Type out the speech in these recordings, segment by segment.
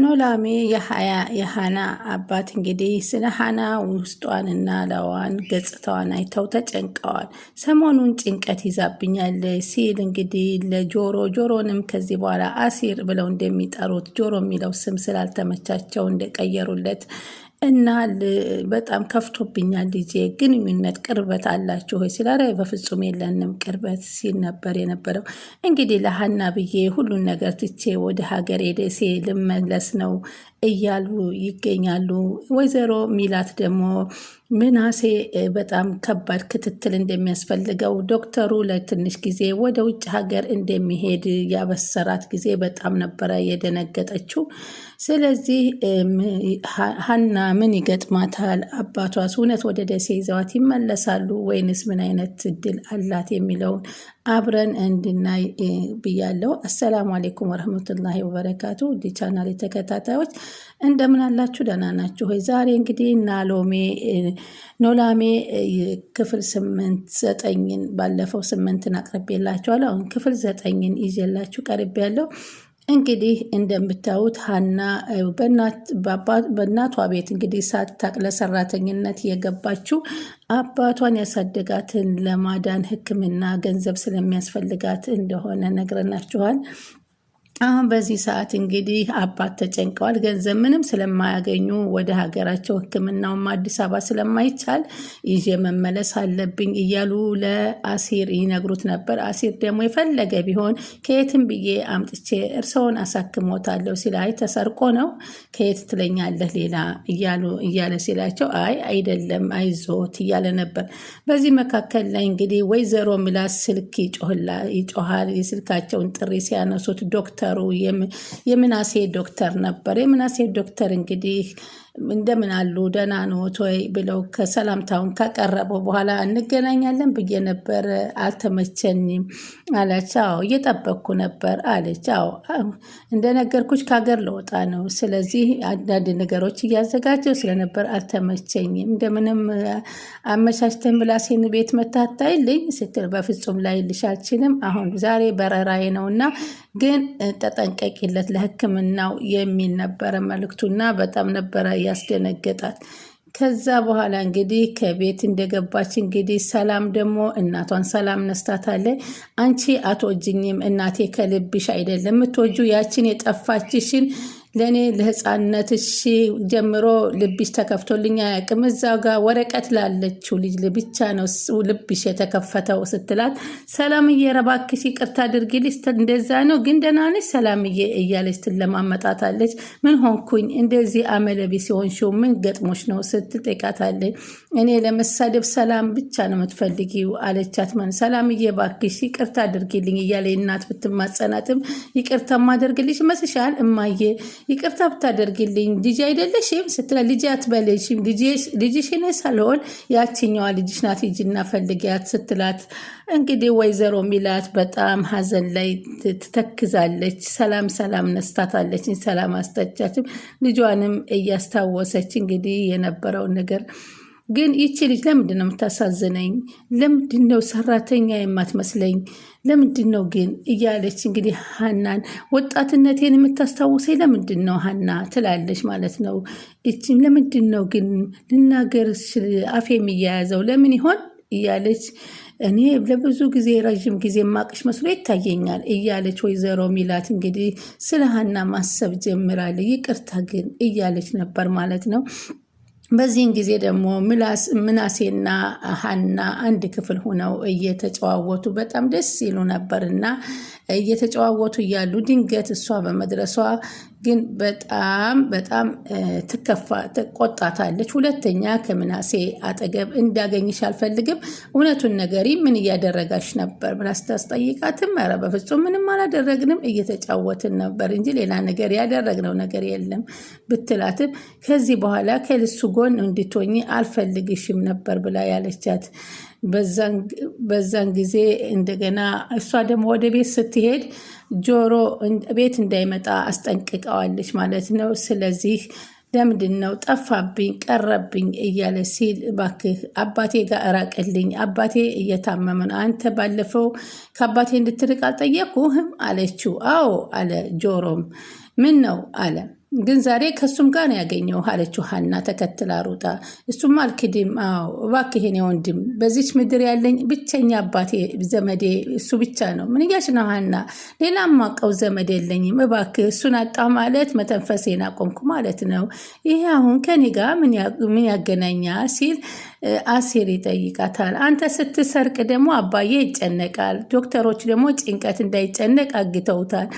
ኑላሜ የሀና አባት እንግዲህ ስለ ሀና እና ለዋን ገጽታዋን አይተው ተጨንቀዋል። ሰሞኑን ጭንቀት ይዛብኛል ሲል እንግዲህ ለጆሮ ጆሮንም ከዚህ በኋላ አሲር ብለው እንደሚጠሩት ጆሮ የሚለው ስም ስላልተመቻቸው እንደቀየሩለት እና በጣም ከፍቶብኛል ልጄ ግንኙነት ቅርበት አላችሁ ወይ ሲላረ በፍጹም የለንም ቅርበት ሲል ነበር የነበረው። እንግዲህ ለሀና ብዬ ሁሉን ነገር ትቼ ወደ ሀገሬ ደሴ ልመለስ ነው እያሉ ይገኛሉ። ወይዘሮ ሚላት ደግሞ ምናሴ በጣም ከባድ ክትትል እንደሚያስፈልገው ዶክተሩ ለትንሽ ጊዜ ወደ ውጭ ሀገር እንደሚሄድ ያበሰራት ጊዜ በጣም ነበረ የደነገጠችው። ስለዚህ ሀና ምን ይገጥማታል? አባቷስ እውነት ወደ ደሴ ይዘዋት ይመለሳሉ ወይንስ ምን አይነት እድል አላት የሚለውን አብረን እንድናይ ብያለው። አሰላሙ አሌይኩም ወረህመቱላሂ ወበረካቱ። ውድ ቻናል ተከታታዮች እንደምን አላችሁ? ደህና ናችሁ ወይ? ዛሬ እንግዲህ ናሎሜ ኖላሜ ክፍል ስምንት ዘጠኝን ባለፈው ስምንትን አቅርቤላችኋለሁ። አሁን ክፍል ዘጠኝን ይዤላችሁ ቀርቤ ያለው እንግዲህ እንደምታዩት ሀና በእናቷ ቤት እንግዲህ ሳታቅ ለሰራተኝነት የገባችው አባቷን ያሳደጋትን ለማዳን ሕክምና ገንዘብ ስለሚያስፈልጋት እንደሆነ ነግረናችኋል። አሁን በዚህ ሰዓት እንግዲህ አባት ተጨንቀዋል። ገንዘብ ምንም ስለማያገኙ ወደ ሀገራቸው ሕክምናውም አዲስ አበባ ስለማይቻል ይዤ መመለስ አለብኝ እያሉ ለአሲር ይነግሩት ነበር። አሲር ደግሞ የፈለገ ቢሆን ከየትም ብዬ አምጥቼ እርሰውን አሳክሞታለሁ ሲል አይ ተሰርቆ ነው ከየት ትለኛለህ ሌላ እያሉ እያለ ሲላቸው አይ አይደለም አይዞት እያለ ነበር። በዚህ መካከል ላይ እንግዲህ ወይዘሮ ምላስ ስልክ ይጮሃል። የስልካቸውን ጥሪ ሲያነሱት ዶክተር ዶክተሩ የምናሴ ዶክተር ነበር። የምናሴ ዶክተር እንግዲህ እንደምን አሉ ደህና ነዎት ወይ ብለው ከሰላምታውን ከቀረበው በኋላ እንገናኛለን ብዬ ነበር አልተመቸኝም አለች። አዎ እየጠበቅኩ ነበር አለች። አዎ እንደነገርኩች ከሀገር ለወጣ ነው። ስለዚህ አንዳንድ ነገሮች እያዘጋጀው ስለነበር አልተመቸኝም። እንደምንም አመቻችተን ብላሴን ቤት መታታይልኝ ስትል በፍጹም ላይልሽ አልችልም። አሁን ዛሬ በረራዬ ነው እና ግን ተጠንቀቂለት ለሕክምናው የሚል ነበረ መልክቱና በጣም ነበረ ያስደነገጣት። ከዛ በኋላ እንግዲህ ከቤት እንደገባች እንግዲህ ሰላም ደግሞ እናቷን ሰላም ነስታታለች። አንቺ አትወጂኝም እናቴ ከልብሽ አይደለም የምትወጂው ያችን የጠፋችሽን ለእኔ ለህፃንነትሽ ጀምሮ ልብሽ ተከፍቶልኝ አያውቅም። እዛ ጋር ወረቀት ላለችው ልጅ ብቻ ነው ልብሽ የተከፈተው ስትላት ሰላምዬ እባክሽ ይቅርታ አድርጊልሽ፣ እንደዛ ነው ግን ደህና ነሽ ሰላምዬ እያለች ትለማመጣታለች። ምን ሆንኩኝ እንደዚህ አመለቢስ የሆንሽው ምን ገጥሞች ነው ስትጠይቃታለች። እኔ ለመሳደብ ሰላም ብቻ ነው የምትፈልጊው አለቻት። ምን ሰላምዬ ባክሽ ይቅርታ አድርጊልኝ እያለ እናት ብትማጸናትም ይቅርታ ማደርግልሽ መስሻል እማዬ ይቅርታ ብታደርግልኝ ልጅ አይደለሽም ስትለ ልጅ አትበለሽም ልጅሽ እኔ ሳልሆን ያችኛዋ ልጅሽ ናት ሂጂና ፈልጊያት ስትላት እንግዲህ ወይዘሮ ሚላት በጣም ሀዘን ላይ ትተክዛለች። ሰላም ሰላም ነስታታለች። ሰላም አስተቻችም ልጇንም እያስታወሰች እንግዲህ የነበረውን ነገር ግን ይቺ ልጅ ለምንድን ነው የምታሳዝነኝ? ለምንድን ነው ሰራተኛ የማትመስለኝ? ለምንድን ነው ግን እያለች እንግዲህ ሀናን ወጣትነቴን የምታስታውሰኝ ለምንድን ነው ሀና ትላለች ማለት ነው። እቺ ለምንድን ነው ግን ልናገር አፌ የሚያያዘው ለምን ይሆን እያለች እኔ ለብዙ ጊዜ ረዥም ጊዜ ማቅሽ መስሎ ይታየኛል እያለች ወይዘሮ ሚላት እንግዲህ ስለ ሀና ማሰብ ጀምራለች። ይቅርታ ግን እያለች ነበር ማለት ነው። በዚህን ጊዜ ደግሞ ምናሴና ሀና አንድ ክፍል ሆነው እየተጨዋወቱ በጣም ደስ ይሉ ነበር እና እየተጨዋወቱ እያሉ ድንገት እሷ በመድረሷ ግን በጣም በጣም ትከፋ ቆጣታለች። ሁለተኛ ከምናሴ አጠገብ እንዳገኝሽ አልፈልግም፣ እውነቱን ነገሪ፣ ምን እያደረጋች ነበር ብላ ስታስጠይቃትም ኧረ በፍጹም ምንም አላደረግንም፣ እየተጫወትን ነበር እንጂ ሌላ ነገር ያደረግነው ነገር የለም ብትላትም ከዚህ በኋላ ከልሱ ጎን እንድትሆኝ አልፈልግሽም ነበር ብላ ያለቻት በዛን ጊዜ እንደገና እሷ ደግሞ ወደ ቤት ስትሄድ ጆሮ ቤት እንዳይመጣ አስጠንቅቀዋለች ማለት ነው። ስለዚህ ለምንድን ነው ጠፋብኝ፣ ቀረብኝ እያለ ሲል እባክህ አባቴ ጋር እራቅልኝ፣ አባቴ እየታመመ ነው። አንተ ባለፈው ከአባቴ እንድትርቅ አልጠየቅኩህም አለችው። አዎ አለ ጆሮም ምን ነው አለ ግን ዛሬ ከእሱም ጋር ነው ያገኘው አለችው ሀና ተከትላ ሩጣ። እሱም አልክድም፣ አዎ እባክህ የኔ ወንድም፣ በዚች ምድር ያለኝ ብቸኛ አባቴ ዘመዴ እሱ ብቻ ነው። ምን እያልሽ ነው ሀና? ሌላ ማቀው ዘመድ የለኝም፣ እባክህ። እሱን አጣ ማለት መተንፈሴን አቆምኩ ማለት ነው። ይሄ አሁን ከኔ ጋር ምን ያገናኛል? ሲል አሴር ይጠይቃታል። አንተ ስትሰርቅ ደግሞ አባዬ ይጨነቃል። ዶክተሮች ደግሞ ጭንቀት እንዳይጨነቅ አግተውታል።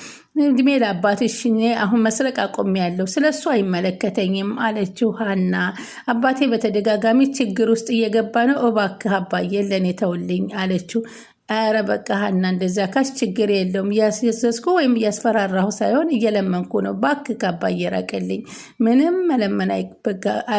እድሜ ለአባትሽ አሁን መስረቅ አቆም ያለው ስለ እሱ አይመለከተኝም አለችው ሀና። አባቴ በተደጋጋሚ ችግር ውስጥ እየገባ ነው፣ እባክህ አባዬን ለእኔ ተውልኝ አለችው። አረ በቃ ሀና እንደዚያ ካሽ ችግር የለውም። እያስየሰስኩ ወይም እያስፈራራሁ ሳይሆን እየለመንኩ ነው። እባክህ ካባ እየራቀልኝ ምንም መለመን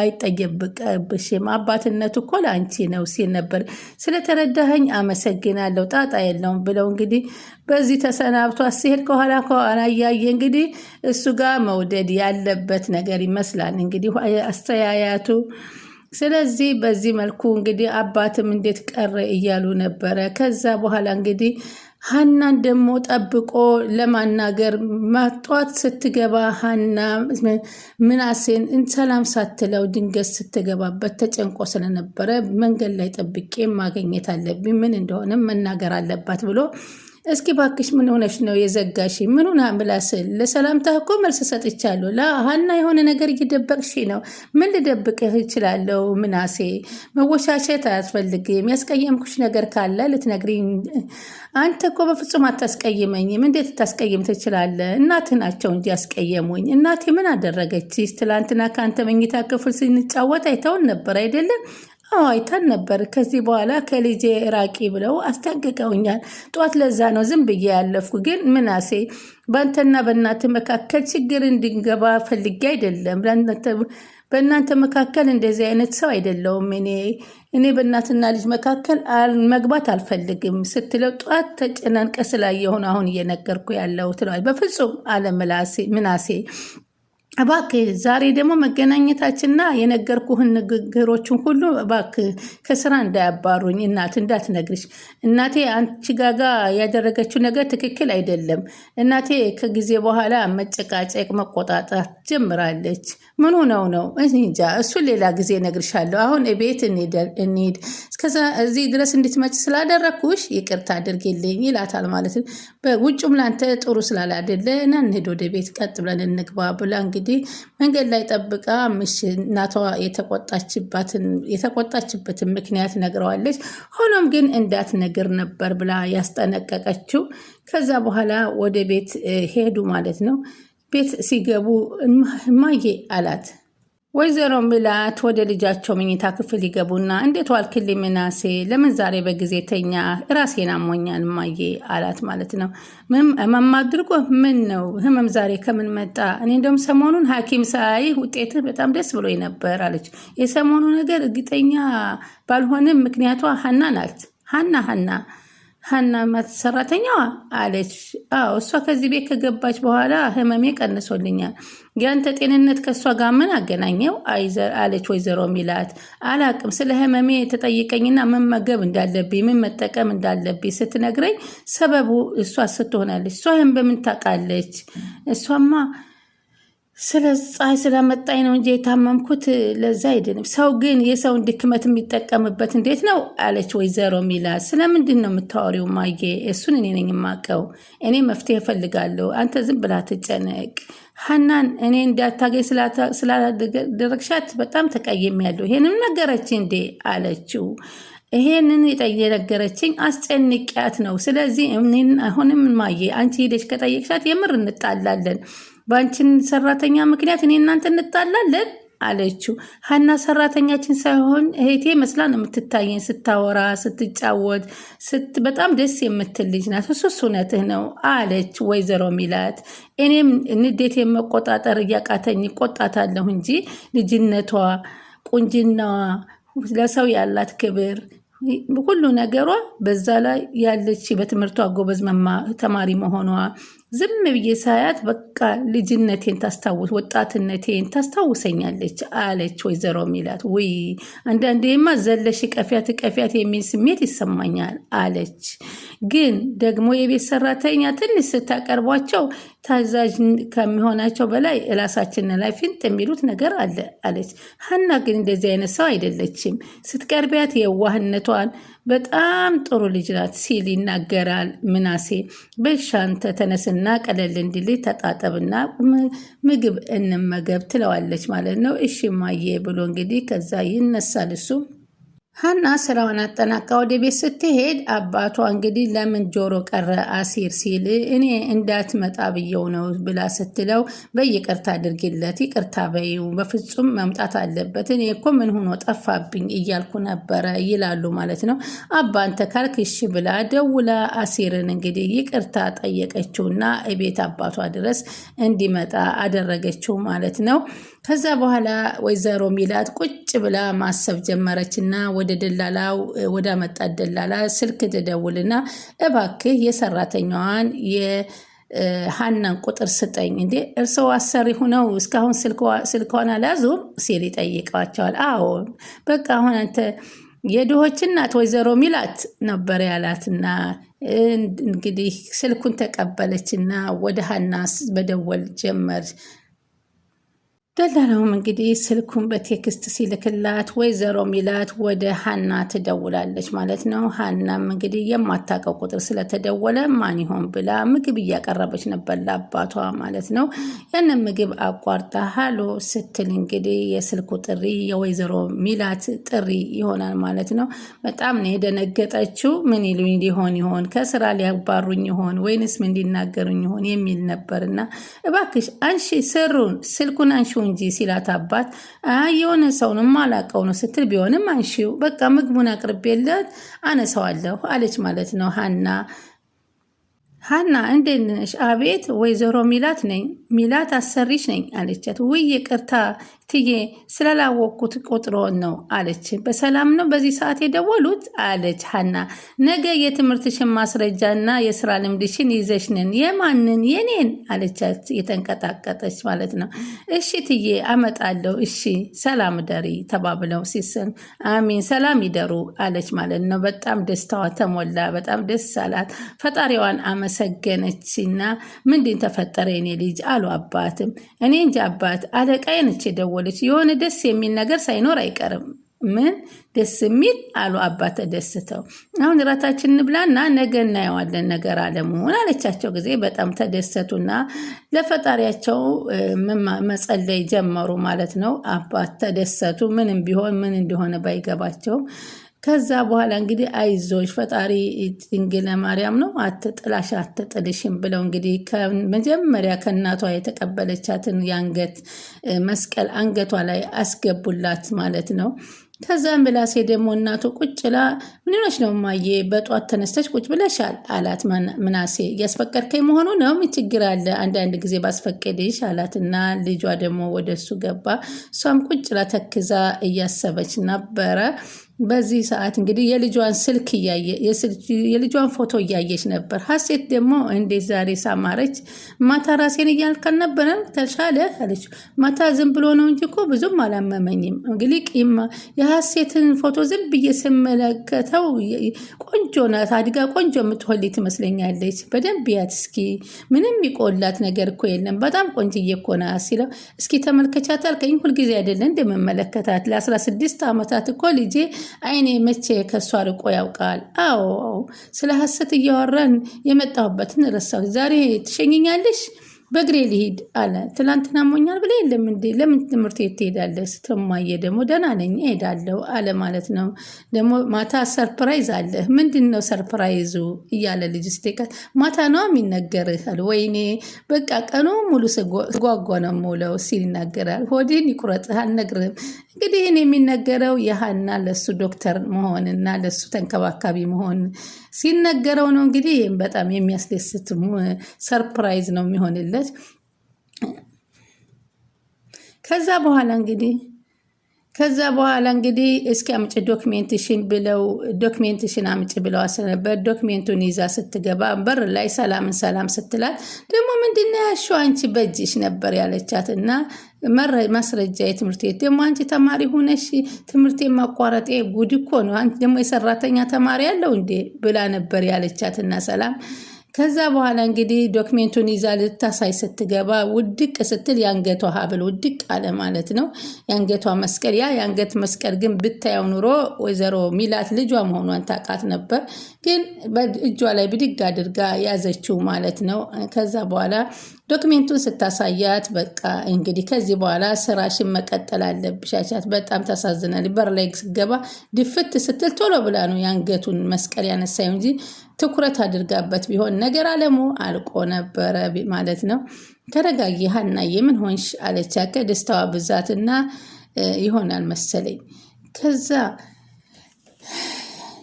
አይጠየቅብሽም። አባትነቱ እኮ ለአንቺ ነው ሲል ነበር። ስለተረዳኸኝ አመሰግናለሁ፣ ጣጣ የለውም ብለው እንግዲህ በዚህ ተሰናብቶ ሲሄድ ከኋላ ከኋላ እያየ እንግዲህ እሱ ጋር መውደድ ያለበት ነገር ይመስላል እንግዲህ አስተያያቱ ስለዚህ በዚህ መልኩ እንግዲህ አባትም እንዴት ቀረ እያሉ ነበረ። ከዛ በኋላ እንግዲህ ሀናን ደግሞ ጠብቆ ለማናገር ማጧት ስትገባ ሀና ምናሴን ሰላም ሳትለው ድንገት ስትገባበት ተጨንቆ ስለነበረ መንገድ ላይ ጠብቄ ማግኘት አለብኝ ምን እንደሆነ መናገር አለባት ብሎ እስኪ ባክሽ ምን ሆነሽ ነው የዘጋሽ? ምን ሆና ብላ ስል ለሰላምታ እኮ መልስ ሰጥቻለሁ። ለሀና የሆነ ነገር እየደበቅሽ ነው። ምን ልደብቅህ እችላለሁ? ምናሴ መወሻሸት አያስፈልግም። የሚያስቀየምኩሽ ነገር ካለ ልትነግሪኝ። አንተ እኮ በፍጹም አታስቀይመኝም። እንዴት ታስቀይም ትችላለህ? እናትህ ናቸው እንጂ ያስቀየሙኝ። እናቴ ምን አደረገች? ትላንትና ከአንተ መኝታ ክፍል ስንጫወት አይተውን ነበር አይደለም አይታን ነበር። ከዚህ በኋላ ከልጄ ራቂ ብለው አስጠንቅቀውኛል። ጠዋት ለዛ ነው ዝም ብዬ ያለፍኩ። ግን ምናሴ በአንተና በእናት መካከል ችግር እንድንገባ ፈልጌ አይደለም። በእናንተ መካከል እንደዚህ አይነት ሰው አይደለውም። እኔ እኔ በእናትና ልጅ መካከል መግባት አልፈልግም ስትለው ጠዋት ተጨናንቀ ስላየሆን አሁን እየነገርኩ ያለው ትለዋል። በፍጹም አለ ምናሴ እባክህ ዛሬ ደግሞ መገናኘታችንና የነገርኩህን ንግግሮችን ሁሉ እባክህ ከስራ እንዳያባሩኝ እናት እንዳትነግርሽ። እናቴ አንቺ ጋጋ ያደረገችው ነገር ትክክል አይደለም። እናቴ ከጊዜ በኋላ መጨቃጨቅ፣ መቆጣጣት ጀምራለች። ምኑ ነው ነው? እንጃ። እሱን ሌላ ጊዜ እነግርሻለሁ። አሁን ቤት እንሂድ። እዚህ ድረስ እንድትመጭ ስላደረግኩሽ ይቅርታ አድርጌልኝ ይላታል ማለት ነው። በውጭም ላንተ ጥሩ ስላላደለ ና እንሂድ ወደ ቤት ቀጥ ብለን እንግባ ብላ እንግዲህ እንግዲህ መንገድ ላይ ጠብቃ እናቷ የተቆጣችበትን ምክንያት ነግረዋለች። ሆኖም ግን እንዳትነግር ነበር ብላ ያስጠነቀቀችው። ከዛ በኋላ ወደ ቤት ሄዱ ማለት ነው። ቤት ሲገቡ እማዬ አላት ወይዘሮ ሚላት ወደ ልጃቸው መኝታ ክፍል ይገቡና እንዴት ዋልክል ምናሴ? ለምን ዛሬ በጊዜ ተኛ? ራሴን አሞኛል እማዬ አላት ማለት ነው። ህመም አድርጎ ምን ነው ህመም ዛሬ ከምን መጣ? እኔ እንደውም ሰሞኑን ሐኪም ሳይ ውጤትህ በጣም ደስ ብሎ ነበር አለች። የሰሞኑ ነገር እርግጠኛ ባልሆንም ምክንያቷ ሀና ናት። ሀና ሀና ሀና ማት ሰራተኛዋ አለች። አዎ እሷ ከዚህ ቤት ከገባች በኋላ ህመሜ ቀንሶልኛል። ያንተ ጤንነት ከእሷ ጋር ምን አገናኘው? አለች ወይዘሮ ሚላት። አላቅም ስለ ህመሜ ተጠይቀኝና መመገብ እንዳለብኝ ምን መጠቀም እንዳለብኝ ስትነግረኝ ሰበቡ እሷ ስትሆናለች። እሷ ይህን በምን ታውቃለች? እሷማ ስለ ፀሐይ ስለመጣኝ ነው እንጂ የታመምኩት ለዛ አይደለም። ሰው ግን የሰውን ድክመት የሚጠቀምበት እንዴት ነው አለች ወይዘሮ ሚላ። ስለምንድን ነው የምታወሪው ማዬ? እሱን እኔ ነኝ የማውቀው። እኔ መፍትሄ እፈልጋለሁ። አንተ ዝም ብላ ትጨነቅ። ሀናን እኔ እንዳታገኝ ስላደረግሻት በጣም ያለሁ። ይሄንም ነገረች እንዴ አለችው። ይሄንን የነገረችኝ አስጨንቅያት ነው። ስለዚህ አሁንም ማየ አንቺ ሄደች ከጠየቅሻት የምር እንጣላለን በአንቺን ሰራተኛ ምክንያት እኔ እናንተ እንጣላለን አለችው። ሀና ሰራተኛችን ሳይሆን እህቴ መስላ ነው የምትታየኝ። ስታወራ፣ ስትጫወት በጣም ደስ የምትል ልጅ ናት። እሱስ እውነትህ ነው አለች ወይዘሮ ሚላት። እኔም ንዴቴ መቆጣጠር እያቃተኝ ቆጣታለሁ እንጂ ልጅነቷ፣ ቁንጅናዋ፣ ለሰው ያላት ክብር ሁሉ ነገሯ በዛ ላይ ያለች በትምህርቷ ጎበዝ ተማሪ መሆኗ ዝም ብዬ ሳያት በቃ ልጅነቴን ታስታውስ ወጣትነቴን ታስታውሰኛለች አለች ወይዘሮ ሚላት። ውይ አንዳንዴማ ዘለሽ ቀፊያት ቀፊያት የሚል ስሜት ይሰማኛል አለች። ግን ደግሞ የቤት ሰራተኛ ትንሽ ስታቀርቧቸው ታዛዥ ከሚሆናቸው በላይ እራሳችንን ላይ ፊንጥ የሚሉት ነገር አለ አለች። ሀና ግን እንደዚህ አይነት ሰው አይደለችም። ስትቀርቢያት የዋህነቷን በጣም ጥሩ ልጅ ናት ሲል ይናገራል ምናሴ። በሻንተ ተነስና ቀለል እንዲል ተጣጠብና ምግብ እንመገብ ትለዋለች ማለት ነው። እሺ ማዬ ብሎ እንግዲህ ከዛ ይነሳል እሱ ሀና ስራዋን አጠናቃ ወደ ቤት ስትሄድ አባቷ እንግዲህ ለምን ጆሮ ቀረ አሲር ሲል እኔ እንዳትመጣ ብየው ነው ብላ ስትለው በይቅርታ አድርግለት ይቅርታ በይው፣ በፍጹም መምጣት አለበት፣ እኔ እኮ ምን ሆኖ ጠፋብኝ እያልኩ ነበረ ይላሉ ማለት ነው። አባ አንተ ካልክ እሺ ብላ ደውላ አሲርን እንግዲህ ይቅርታ ጠየቀችውና ቤት አባቷ ድረስ እንዲመጣ አደረገችው ማለት ነው። ከዛ በኋላ ወይዘሮ ሚላት ቁጭ ብላ ማሰብ ጀመረችና ወደ ደላላው ወደ መጣት ደላላ ስልክ ትደውልና እባክህ የሰራተኛዋን የሀናን ቁጥር ስጠኝ። እንዴ እርስዎ አሰሪ ሁነው እስካሁን ስልኳን አልያዙም ሲል ይጠይቀዋቸዋል። አዎ በቃ አሁን አንተ የድሆች እናት ወይዘሮ ሚላት ነበር ያላትና እንግዲህ ስልኩን ተቀበለችና ወደ ሀና መደወል ጀመር። ደላላውም እንግዲህ ስልኩን በቴክስት ሲልክላት ወይዘሮ ሚላት ወደ ሀና ትደውላለች ማለት ነው። ሀናም እንግዲህ የማታውቀው ቁጥር ስለተደወለ ማን ይሆን ብላ ምግብ እያቀረበች ነበር ለአባቷ ማለት ነው። ያንን ምግብ አቋርጣ ሀሎ ስትል እንግዲህ የስልኩ ጥሪ የወይዘሮ ሚላት ጥሪ ይሆናል ማለት ነው። በጣም ነው የደነገጠችው። ምን ይሉኝ ሊሆን ይሆን ከስራ ሊያባሩኝ ይሆን ወይንስ ምን ሊናገሩኝ ይሆን የሚል ነበርና እባክሽ አንሺ ስሩን ስልኩን አንሺውን እንጂ ሲላት አባት አይ የሆነ ሰውንም አላቀው ነው ስትል ቢሆንም አንሺው በቃ ምግቡን አቅርቤለት አነሳዋለሁ አለች ማለት ነው ሀና ሀና እንዴት ነሽ አቤት ወይዘሮ ሚላት ነኝ ሚላት አሰሪች ነኝ አለቻት። ውይ ይቅርታ ትዬ ስላላወቅኩት ቆጥሮ ነው አለች። በሰላም ነው በዚህ ሰዓት የደወሉት አለች ሀና። ነገ የትምህርትሽን ማስረጃና የስራ ልምድሽን ይዘሽንን የማንን የኔን አለቻት። የተንቀጣቀጠች ማለት ነው። እሺ ትዬ አመጣለሁ። እሺ ሰላም ደሪ ተባብለው ሲሰን አሚን ሰላም ይደሩ አለች ማለት ነው። በጣም ደስታዋ ተሞላ። በጣም ደስ አላት። ፈጣሪዋን አመሰገነችና ምንድን ተፈጠረ የኔ ልጅ አሉ አባትም። እኔ እንጂ አባት አለቃዬ ነች የደወለች፣ የሆነ ደስ የሚል ነገር ሳይኖር አይቀርም። ምን ደስ የሚል አሉ አባት ተደስተው። አሁን እራታችን እንብላና ነገ እናየዋለን ነገር አለመሆን አለቻቸው ጊዜ በጣም ተደሰቱና ለፈጣሪያቸው መጸለይ ጀመሩ ማለት ነው። አባት ተደሰቱ፣ ምንም ቢሆን ምን እንደሆነ ባይገባቸውም ከዛ በኋላ እንግዲህ አይዞሽ ፈጣሪ ድንግል ማርያም ነው አትጥላሽ አትጥልሽም ብለው እንግዲህ ከመጀመሪያ ከእናቷ የተቀበለቻትን የአንገት መስቀል አንገቷ ላይ አስገቡላት ማለት ነው። ከዛ ምላሴ ደግሞ እናቱ ቁጭ ላ ምን ሆነሽ ነው እማዬ በጧት ተነስተች ቁጭ ብለሻል? አላት ምናሴ እያስፈቀድከኝ መሆኑ ነው። ምን ችግር አለ? አንዳንድ ጊዜ ባስፈቀድሽ አላት እና ልጇ ደግሞ ወደሱ ገባ። እሷም ቁጭ ላ ተክዛ እያሰበች ነበረ። በዚህ ሰዓት እንግዲህ የልጇን ስልክ እያየ የልጇን ፎቶ እያየች ነበር። ሀሴት ደግሞ እንዴት ዛሬ ሳማረች፣ ማታ ራሴን እያልከን ነበረ ተሻለ አለች። ማታ ዝም ብሎ ነው እንጂ እኮ ብዙም አላመመኝም። እንግዲህ የሀሴትን ፎቶ ዝም ብዬ ስመለከተው ቆንጆ ናት፣ አድጋ ቆንጆ የምትሆል ትመስለኛለች። በደንብ ያት እስኪ፣ ምንም ይቆላት ነገር እኮ የለም። በጣም ቆንጅዬ እኮ ናት ሲለው እስኪ ተመልከቻት አልከኝ። ሁልጊዜ አይደለ እንደምመለከታት ለ16 ዓመታት እኮ ልጄ አይኔ መቼ ከእሷ ርቆ ያውቃል? አዎ ስለ ሀሰት እያወራን የመጣሁበትን ረሳሁ። ዛሬ ትሸኝኛለሽ? በእግሬ ሊሄድ አለ። ትላንትና ሞኛል ብለ የለም እንዴ? ለምን ትምህርት ቤት ትሄዳለህ? ስትማየ ደግሞ ደህና ነኝ እሄዳለሁ አለ ማለት ነው። ደግሞ ማታ ሰርፕራይዝ አለ። ምንድን ነው ሰርፕራይዙ? እያለ ልጅ ስቴቀት ማታ ነው የሚነገርህ አለ። ወይኔ በቃ ቀኑ ሙሉ ስጓጓ ነው የምውለው ሲል ይናገራል። ሆዴን ይቁረጥህ አልነግርህም። እንግዲህ ይህን የሚነገረው የሀና ለሱ ዶክተር መሆንና ለሱ ተንከባካቢ መሆን ሲነገረው ነው እንግዲህ በጣም የሚያስደስት ሰርፕራይዝ ነው የሚሆንለት። ከዛ በኋላ እንግዲህ ከዛ በኋላ እንግዲህ እስኪ አምጪ ዶክሜንትሽን ብለው ዶክሜንትሽን አምጪ ብለው ስለነበር ዶክሜንቱን ይዛ ስትገባ በር ላይ ሰላምን ሰላም ስትላት ደግሞ ምንድን ነው ያልሺው አንቺ በእጅሽ ነበር ያለቻት እና ማስረጃ የትምህርት ቤት ደግሞ አንቺ ተማሪ ሆነሽ ትምህርት የማቋረጥ ጉድ እኮ ነው። አንቺ ደግሞ የሰራተኛ ተማሪ ያለው እንዴ ብላ ነበር ያለቻትና ሰላም ከዛ በኋላ እንግዲህ ዶክሜንቱን ይዛ ልታሳይ ስትገባ ውድቅ ስትል የአንገቷ ሀብል ውድቅ አለ ማለት ነው። የአንገቷ መስቀል ያ የአንገት መስቀል ግን ብታየው ኑሮ ወይዘሮ ሚላት ልጇ መሆኗን ታውቃት ነበር። ግን እጇ ላይ ብድግ አድርጋ ያዘችው ማለት ነው። ከዛ በኋላ ዶክሜንቱን ስታሳያት በቃ እንግዲህ ከዚህ በኋላ ስራሽን መቀጠል አለብሽ አቻት። በጣም ታሳዝናል። በር ላይ ስገባ ድፍት ስትል ቶሎ ብላ ነው የአንገቱን መስቀል ያነሳዩ እንጂ ትኩረት አድርጋበት ቢሆን ነገር አለሙ አልቆ ነበረ ማለት ነው። ተረጋጊ ሀናዬ፣ ምን ሆንሽ አለቻት ከደስታዋ ብዛትና ይሆናል መሰለኝ ከዛ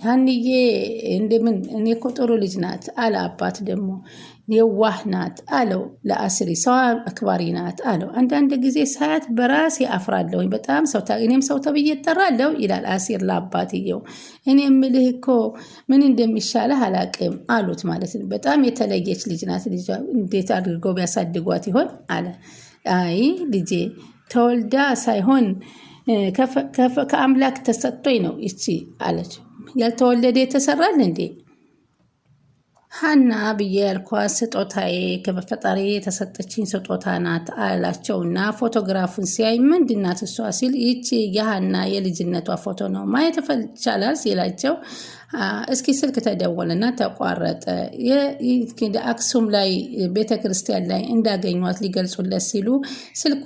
ሀንዬ እንደምን እኔ እኮ ጥሩ ልጅ ናት አለ። አባት ደግሞ የዋህ ናት አለው ለአስሪ። ሰው አክባሪ ናት አለው። አንዳንድ ጊዜ ሳያት በራሴ አፍራለሁ። በጣም ሰው እኔም ሰው ተብዬ እጠራለሁ ይላል አሲር ለአባትየው። እኔ ምልህ እኮ ምን እንደሚሻለህ አላቅም አሉት። ማለት በጣም የተለየች ልጅ ናት። እንዴት አድርገው ቢያሳድጓት ይሆን አለ። አይ ልጄ ተወልዳ ሳይሆን ከአምላክ ተሰጥቶኝ ነው ይቺ አለች። ያልተወለደ የተሰራል እንዴ? ሀና ብዬ ያልኳ ስጦታዬ ከፈጣሪ የተሰጠችኝ ስጦታ ናት አላቸውና ፎቶግራፉን ሲያይ ምንድናት እሷ ሲል ይቺ የሀና የልጅነቷ ፎቶ ነው ማየት ይቻላል ሲላቸው እስኪ ስልክ ተደወለና ተቋረጠ። አክሱም ላይ ቤተ ክርስቲያን ላይ እንዳገኟት ሊገልጹለት ሲሉ ስልኩ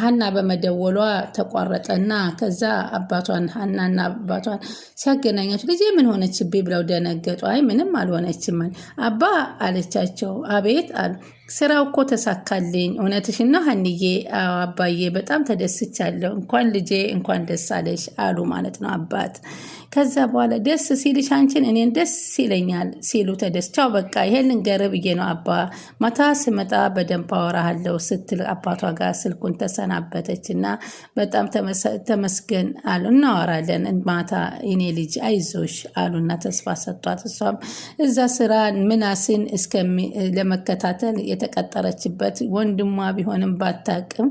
ሀና በመደወሏ ተቋረጠና ከዛ አባቷን ሀናና አባቷን ሲያገናኛቸው ልጄ ምን ሆነችብኝ ብለው ደነገጡ። አይ ምንም አልሆነችም አባ አለቻቸው። አቤት አሉ። ስራው እኮ ተሳካልኝ። እውነትሽን ሀንዬ? አባዬ በጣም ተደስቻለሁ። እንኳን ልጄ እንኳን ደስ አለሽ አሉ ማለት ነው አባት ከዛ በኋላ ደስ ሲልሽ አንቺን እኔን ደስ ይለኛል ሲሉ ተደስቻው በቃ ይሄን ልንገርህ ብዬ ነው አባ ማታ ስመጣ በደንብ አወራሃለሁ ስትል አባቷ ጋር ስልኩን ተሰናበተች እና በጣም ተመስገን አሉ። እናወራለን ማታ የኔ ልጅ አይዞሽ አሉና ተስፋ ሰጥቷት እሷም እዛ ስራ ምናስን ለመከታተል የተቀጠረችበት ወንድሟ ቢሆንም ባታቅም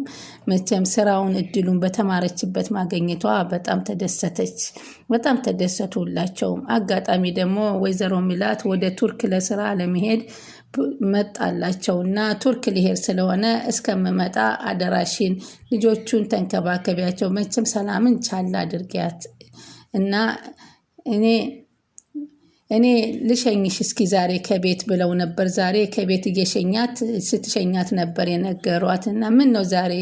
መቼም ስራውን እድሉን በተማረችበት ማገኘቷ በጣም ተደሰተች በጣም አልተደሰቱላቸውም። አጋጣሚ ደግሞ ወይዘሮ ሚላት ወደ ቱርክ ለስራ ለመሄድ መጣላቸው እና ቱርክ ሊሄድ ስለሆነ እስከምመጣ አደራሽን ልጆቹን ተንከባከቢያቸው፣ መቼም ሰላምን ቻል አድርጊያት እና እኔ እኔ ልሸኝሽ እስኪ ዛሬ ከቤት ብለው ነበር። ዛሬ ከቤት እየሸኛት ስትሸኛት ነበር የነገሯት እና ምን ነው ዛሬ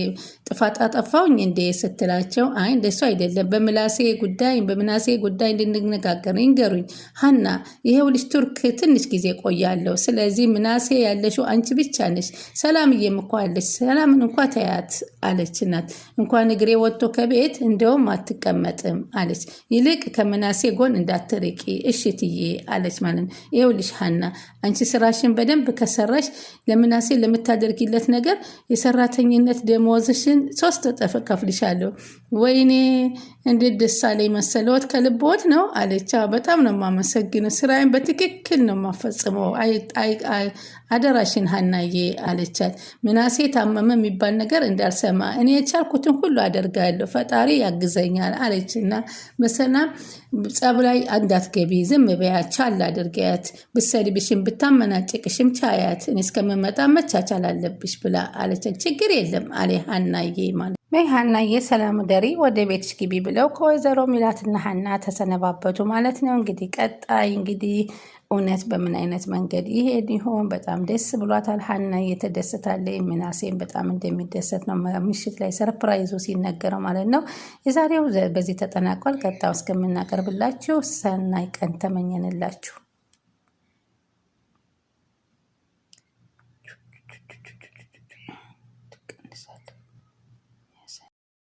ጥፋት አጠፋውኝ እንዴ ስትላቸው፣ አይ እንደሱ አይደለም በምላሴ ጉዳይ በምናሴ ጉዳይ እንድንነጋገር ይንገሩኝ። ሀና ይሄው ልጅ ቱርክ ትንሽ ጊዜ ቆያለሁ። ስለዚህ ምናሴ ያለሽው አንቺ ብቻ ነሽ። ሰላምዬም እኮ አለች። ሰላምን እንኳ ተያት አለች ናት። እንኳን እግሬ ወጥቶ ከቤት እንደውም አትቀመጥም አለች። ይልቅ ከምናሴ ጎን እንዳትርቂ እሽትዬ አለች ማለት ነው። ይኸውልሽ ሀና አንቺ ስራሽን በደንብ ከሰራሽ ለምናሴ ለምታደርጊለት ነገር የሰራተኝነት ደሞዝሽን ሶስት እጥፍ ከፍልሻለሁ። ወይኔ እንዴት ደስ አለኝ መሰለዎት ከልቦት ነው አለች። በጣም ነው የማመሰግነው፣ ስራዬን በትክክል ነው የማፈጽመው። አደራሽን ሀናዬ አለቻት። ምናሴ ታመመ የሚባል ነገር እንዳልሰማ እኔ የቻልኩትን ሁሉ አደርጋለሁ፣ ፈጣሪ ያግዘኛል አለችና መሰና ጸብ ላይ እንዳትገቢ ዝም በያት፣ ቻል አድርጊያት፣ ብትሰድብሽም ብታመናጭቅሽም ቻያት፣ እኔ እስከምመጣ መቻቻል አለብሽ ብላ አለቻት። ችግር የለም አለ ሀናዬ ማለት ነይ ሀናዬ ሰላም ደሪ ወደ ቤትሽ ግቢ ብለው ከወይዘሮ ሚላትና ሀና ተሰነባበቱ ማለት ነው። እንግዲህ ቀጣይ እንግዲህ እውነት በምን አይነት መንገድ ይሄድ ይሆን? በጣም ደስ ብሏታል ሀና እየተደሰታለች። ምናሴም በጣም እንደሚደሰት ነው ምሽት ላይ ሰርፕራይዙ ሲነገረው ማለት ነው። የዛሬው በዚህ ተጠናቋል። ቀጣው እስከምናቀርብላችሁ ሰናይ ቀን ተመኘንላችሁ።